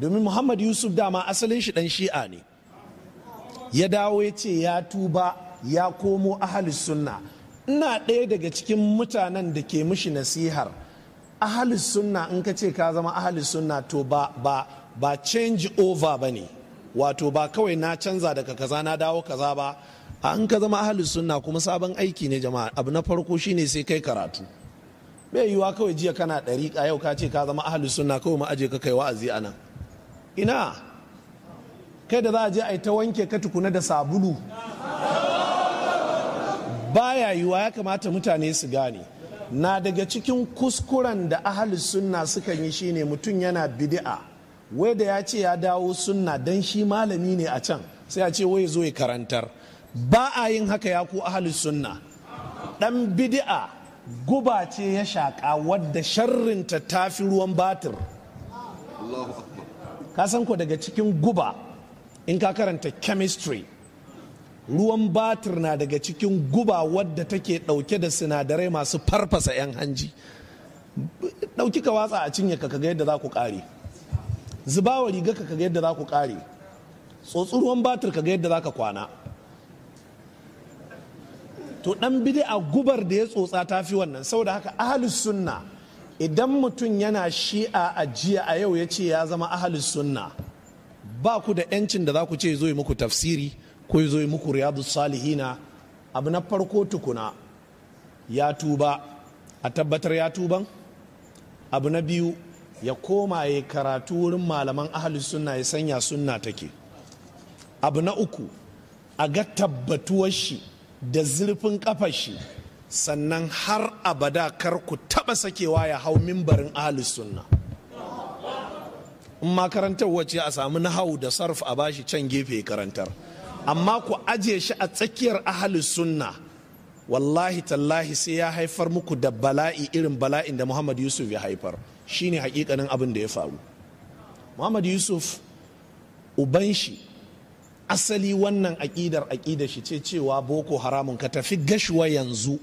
domin muhammad yusuf dama asalin shi dan shi'a ne ya dawo ya ce ya tuba ya komo ahalus sunna ina ɗaya daga cikin mutanen da ke mishi nasihar ahalus sunna in ka ce ka zama ahalus sunna to ba ba ba change over ba ne wato ba kawai na canza daga kaza na dawo kaza ba a in ka zama ahalus sunna kuma sabon aiki ne jama'a abu na farko shine sai kai karatu bai yiwa kawai jiya kana ɗariƙa yau ka ce ka zama ahalus sunna kawai ma aje ka kai wa'azi a nan ina kai da za a je a yi ta wanke ka tukuna da sabulu baya yiwa ya kamata mutane su gane na daga cikin kuskuren da ahalus sunna suka yi shine mutum yana bidi'a wai da ya ce ya dawo sunna dan shi malami ne a can sai a ce wai zo ya karantar ba a yin haka ya ku ahalus sunna dan bidi'a guba ce ya shaƙa wadda sharrinta ta fi ruwan batir ka san ko daga cikin guba in ka karanta chemistry ruwan batir na daga cikin guba wadda take dauke da sinadarai masu farfasa 'yan hanji dauki ka watsa a cinye ka ga yadda za ku kare zubawa riga ka kaga yadda za ku kare tsotsi ruwan batir kaga yadda za ka kwana to dan bidi'a gubar da ya tsotsa ta fi wannan saboda haka ahlus sunna idan mutum yana shi'a a jiya a yau ya ce ya zama ahalus sunna ba ku da 'yancin da za ku ce zo muku tafsiri ko zo muku riyadu salihina abu na farko tukuna ya tuba a tabbatar ya tuban abu na biyu ya koma ya karatu wurin malaman ahalus sunna ya sanya sunna take abu na uku a ga tabbatuwar shi da zurfin kafar sannan har abada kar ku taba sakewa ya hau mimbarin ahli sunna in makarantar wace a samu nahau da sarf a bashi can gefe karantar amma ku aje shi a tsakiyar ahli sunna wallahi tallahi sai ya haifar muku da bala'i irin bala'in da muhammad yusuf ya haifar shine hakikanin abin da ya faru muhammad yusuf uban shi asali wannan aƙidar aƙidar shi ce cewa boko haramun ka tafi gashuwa yanzu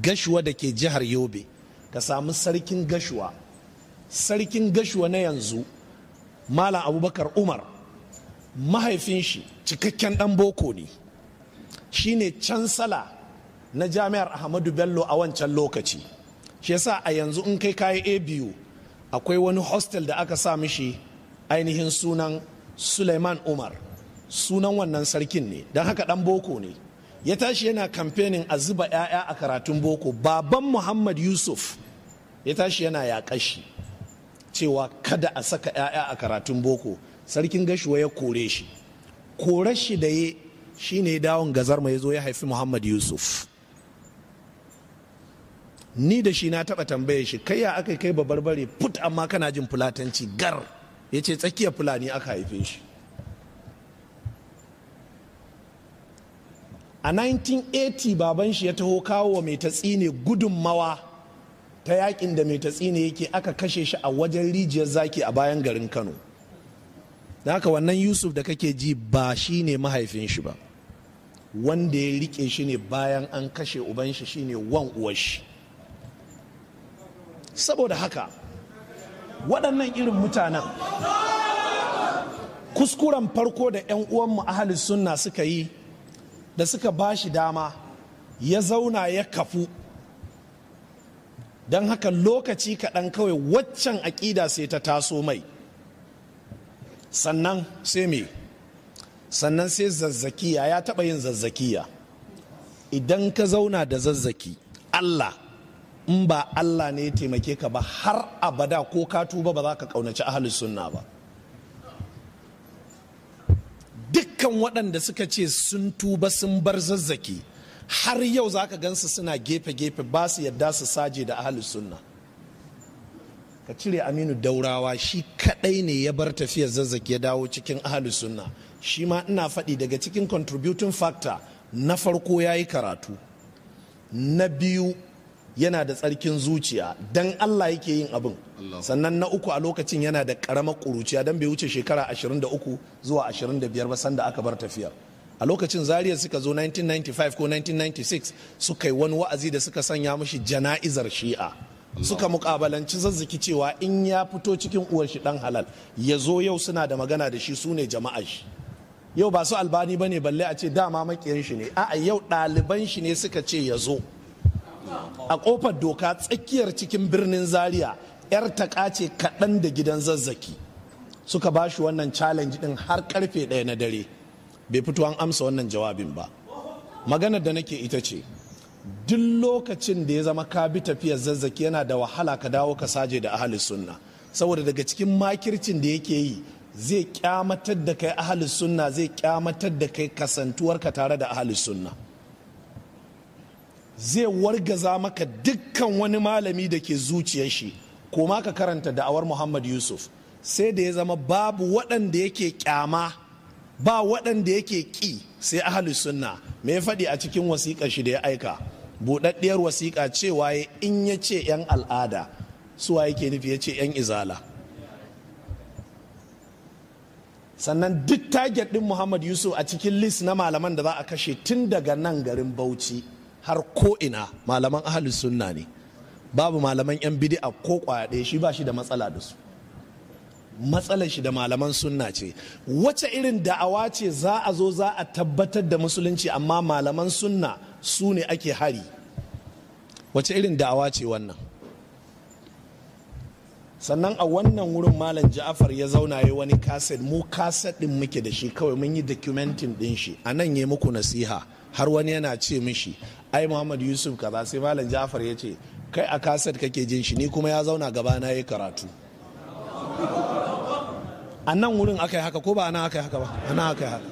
gashuwa da ke jihar yobe ka samu sarkin gashuwa sarkin gashuwa na yanzu malam abubakar umar mahaifin shi cikakken dan boko ne shine cansala na jami'ar ahmadu bello a wancan lokaci shi yasa a yanzu in kai kayi abu akwai wani hostel da aka sa mishi ainihin sunan suleiman umar sunan wannan sarkin ne don haka dan boko ne ya tashi yana kamfenin a zuba 'ya'ya a karatun boko baban muhammad yusuf ya tashi yana shi cewa kada a saka 'ya'ya a karatun boko sarkin gashuwa ya kore shi kore shi da ya shi ne dawon gazar mai zo ya haifi muhammad yusuf ni da shi na taɓa tambaye shi kai ya aka kai bare put amma kana jin fulatanci gar ya ce tsakiyar fulani aka haife shi a 1980 baban shi ya taho kawo wa mai ne gudunmawa ta yakin da mai ne yake aka kashe shi a wajen rijiyar zaki a bayan garin kano da haka wannan yusuf da kake ji ba shi ne mahaifin shi ba wanda ya rike shi ne bayan an kashe uban shi shine wan uwashi shi saboda haka waɗannan irin mutanen kuskuren farko da 'yan uwanmu ahalis sunna suka yi da suka ba shi dama ya zauna ya kafu don haka lokaci kaɗan kawai waccan aƙida sai ta taso mai sannan sai me sannan sai zazzakiya ya taɓa yin zazzakiya idan ka zauna da zazzaki allah in ba allah ne ya taimake ka ba har abada ko ka tuba ba za ka ƙaunaci ahalin sunna ba dukkan waɗanda suka ce sun tuba sun bar zazzaki har yau za ka gansu suna gefe-gefe ba su yadda su saje da ahalus sunna ka cire aminu daurawa shi kaɗai ne ya bar tafiyar zazzaki ya dawo cikin ahalus sunna shi ma ina faɗi daga cikin contributing factor na farko ya yi karatu na biyu yana da tsarkin zuciya dan Allah yake yin abin sannan na uku a lokacin yana da karamar kuruciya dan bai wuce shekara 23 zuwa 25 ba sanda aka bar tafiyar a lokacin zariya suka zo 1995 ko 1996 suka yi wani wa'azi da suka sanya mashi jana'izar shi'a suka mukabalanci zazzaki cewa in ya fito cikin uwar shi dan halal ya zo yau suna da magana da shi su ne jama'ar shi yau ba su albani ba ne balle a ce dama makiyin shi ne a'a yau ɗaliban shi ne suka ce ya zo a kofar doka tsakiyar cikin birnin zaria yar ta ce kaɗan da gidan zazzaki suka ba shi wannan challenge din har karfe ɗaya na dare bai fito an amsa wannan jawabin ba maganar da nake ita ce duk lokacin da ya zama ka bi tafiyar zazzaki yana da wahala ka dawo ka saje da ahli sunna saboda daga cikin makircin da yake yi zai kyamatar da kai ahli sunna zai kyamatar da kai kasantuwarka tare da ahli sunna zai wargaza maka dukkan wani malami da ke zuciyar shi koma ka karanta da'awar muhammad yusuf sai da ya zama babu waɗanda yake kyama ba waɗanda yake ƙi sai ahalus sunna me faɗi a cikin wasiƙa shi da ya aika buɗaɗɗiyar wasiƙa cewa ya in ya ce 'yan al'ada suwa yake nufi ya ce 'yan izala sannan duk target ɗin muhammad yusuf a cikin list na malaman da za a kashe tun daga nan garin bauchi har ko ina malaman ahalin sunna ne babu malaman yan bidi'a ko kwaya shi ba shi da matsala da su matsalar shi da malaman sunna ce wace irin da'awa ce za a zo za a tabbatar da musulunci amma malaman sunna su ne ake hari wace irin da'awa ce wannan sannan a wannan wurin malam ja'afar ya zauna ya wani kaset mu kaset din muke da shi kawai mun yi documenting din shi a nan ya muku nasiha har wani yana ce mishi ai muhammad yusuf kaza sai malam ja'afar ya ce kai a kaset kake jin shi ni kuma ya zauna gaba na yi karatu a nan wurin aka yi haka ko ba a nan aka yi haka ba a nan aka yi haka